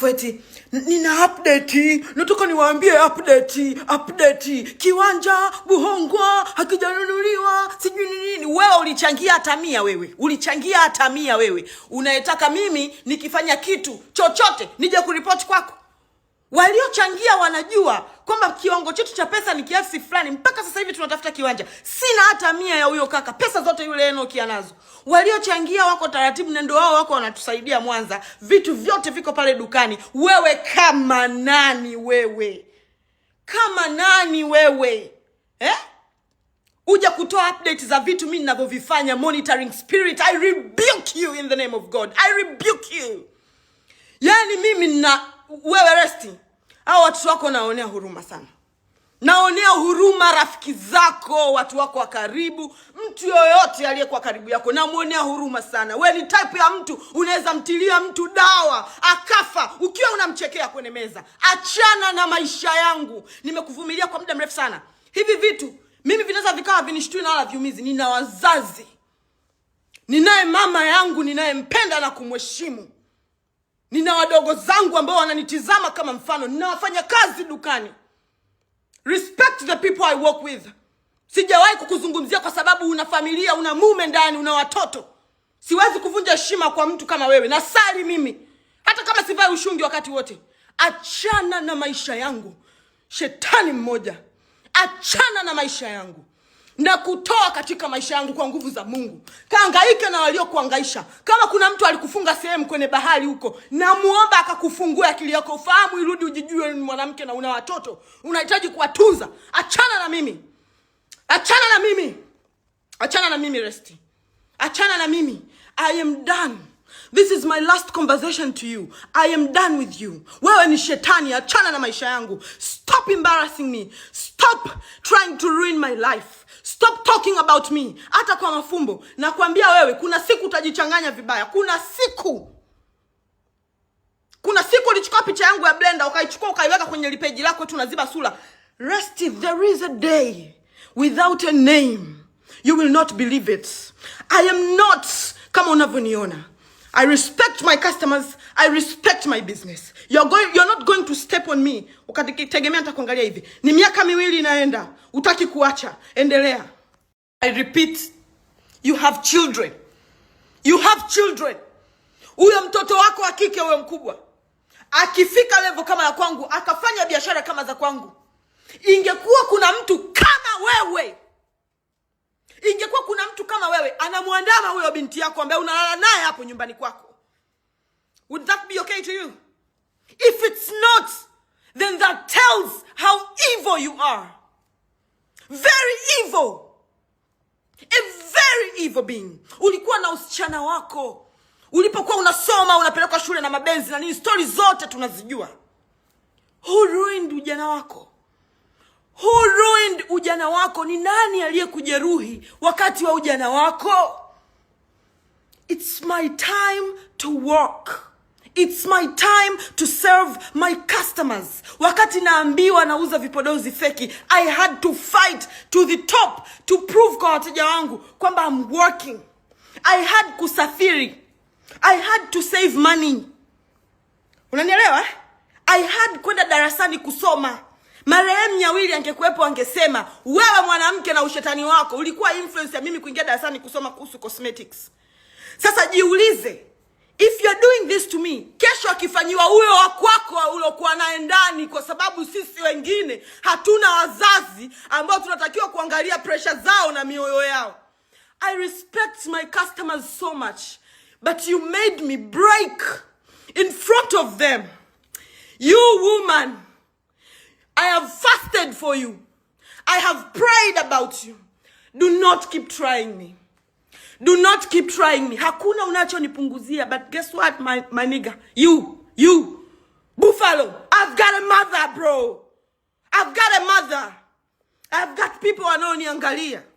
alafu eti nina update, nataka niwaambie update, update, kiwanja Buhongwa hakijanunuliwa sijui ni nini. Wewe ulichangia hata wewe ulichangia hata wewe unayetaka mimi nikifanya kitu chochote nije kuripoti kwako. Waliochangia wanajua kwamba kiwango chetu cha pesa ni kiasi fulani. Mpaka sasa hivi tunatafuta kiwanja, sina hata mia ya huyo kaka, pesa zote yule Enoki anazo. Waliochangia wako taratibu, nendo wao wako wanatusaidia Mwanza, vitu vyote viko pale dukani. Wewe kama nani wewe, kama nani wewe eh? Uja kutoa update za vitu mimi ninavyovifanya. Monitoring spirit, I rebuke you in the name of God, I rebuke you. Yani mimi na wewe resting hao watu wako naonea huruma sana, naonea huruma rafiki zako, watu wako wa karibu, mtu yoyote aliyekuwa karibu yako namwonea huruma sana. We ni type ya mtu unaweza mtilia mtu dawa akafa ukiwa unamchekea kwenye meza. Achana na maisha yangu, nimekuvumilia kwa muda mrefu sana. Hivi vitu mimi vinaweza vikawa vinishtui na wala viumizi. Nina wazazi, ninaye mama yangu ninayempenda na kumheshimu nina wadogo zangu ambao wananitizama kama mfano, nina kazi dukani. Respect the people I work with. Sijawahi kukuzungumzia kwa sababu una familia, una mume ndani, una watoto. Siwezi kuvunja heshima kwa mtu kama wewe. Nasali mimi hata kama sivai ushungi wakati wote. Achana na maisha yangu, shetani mmoja, achana na maisha yangu na kutoa katika maisha yangu kwa nguvu za Mungu. Kaangaike na waliokuangaisha. Kama kuna mtu alikufunga sehemu kwenye bahari huko, namuomba akakufungue akili yako, ufahamu irudi, ujijue ni mwanamke na una watoto, unahitaji kuwatunza. Achana na mimi, achana na mimi, achana na mimi, Resti, achana na mimi. I am done. This is my last conversation to you. I am done with you. Wewe ni shetani, achana na maisha yangu. Stop embarrassing me. Stop trying to ruin my life. Stop talking about me. Hata kwa mafumbo nakwambia wewe, kuna siku utajichanganya vibaya. Kuna siku, kuna siku ulichukua picha yangu ya blenda ukaichukua ukaiweka kwenye lipeji lako tunaziba sura. Rest if there is a day without a name you will not believe it. I am not kama unavyoniona. I respect my customers, I respect my business. You're going, you're not going to step on me. Ukategemea nitakuangalia hivi. Ni miaka miwili inaenda, utaki kuacha. Endelea. I repeat, you have children. You have children. Huyo mtoto wako wa kike huyo mkubwa akifika level kama ya kwangu akafanya biashara kama za kwangu, ingekuwa kuna mtu kama wewe Ingekuwa kuna mtu kama wewe anamwandama huyo binti yako ambaye unalala naye hapo nyumbani kwako, would that be okay to you? If it's not, then that tells how evil you are. Very evil. A very evil being. Ulikuwa na usichana wako ulipokuwa unasoma unapelekwa shule na mabenzi na nini, stori zote tunazijua. Who ruined ujana wako? Who ruined ujana wako, ni nani aliyekujeruhi wakati wa ujana wako? It's my time to work. It's my time to serve my customers. Wakati naambiwa nauza vipodozi feki, I had to fight to the top to prove kwa wateja wangu kwamba I'm working. I had kusafiri. I had to save money. Unanielewa? Eh? I had kwenda darasani kusoma. Marehemu Nyawili angekuwepo angesema, wewe mwanamke na ushetani wako ulikuwa influence ya mimi kuingia darasani kusoma kuhusu cosmetics. Sasa jiulize, if you are doing this to me, kesho akifanyiwa huyo wa kwako uliokuwa naye ndani, kwa sababu sisi wengine hatuna wazazi ambao tunatakiwa kuangalia pressure zao na mioyo yao. I respect my customers so much, but you made me break in front of them. You woman I have fasted for you. I have prayed about you. Do not keep trying me. Do not keep trying me. Hakuna unachonipunguzia, but guess what my, my nigga? You, you, Buffalo, I've got a mother bro. I've got a mother. I've got people wanaoniangalia.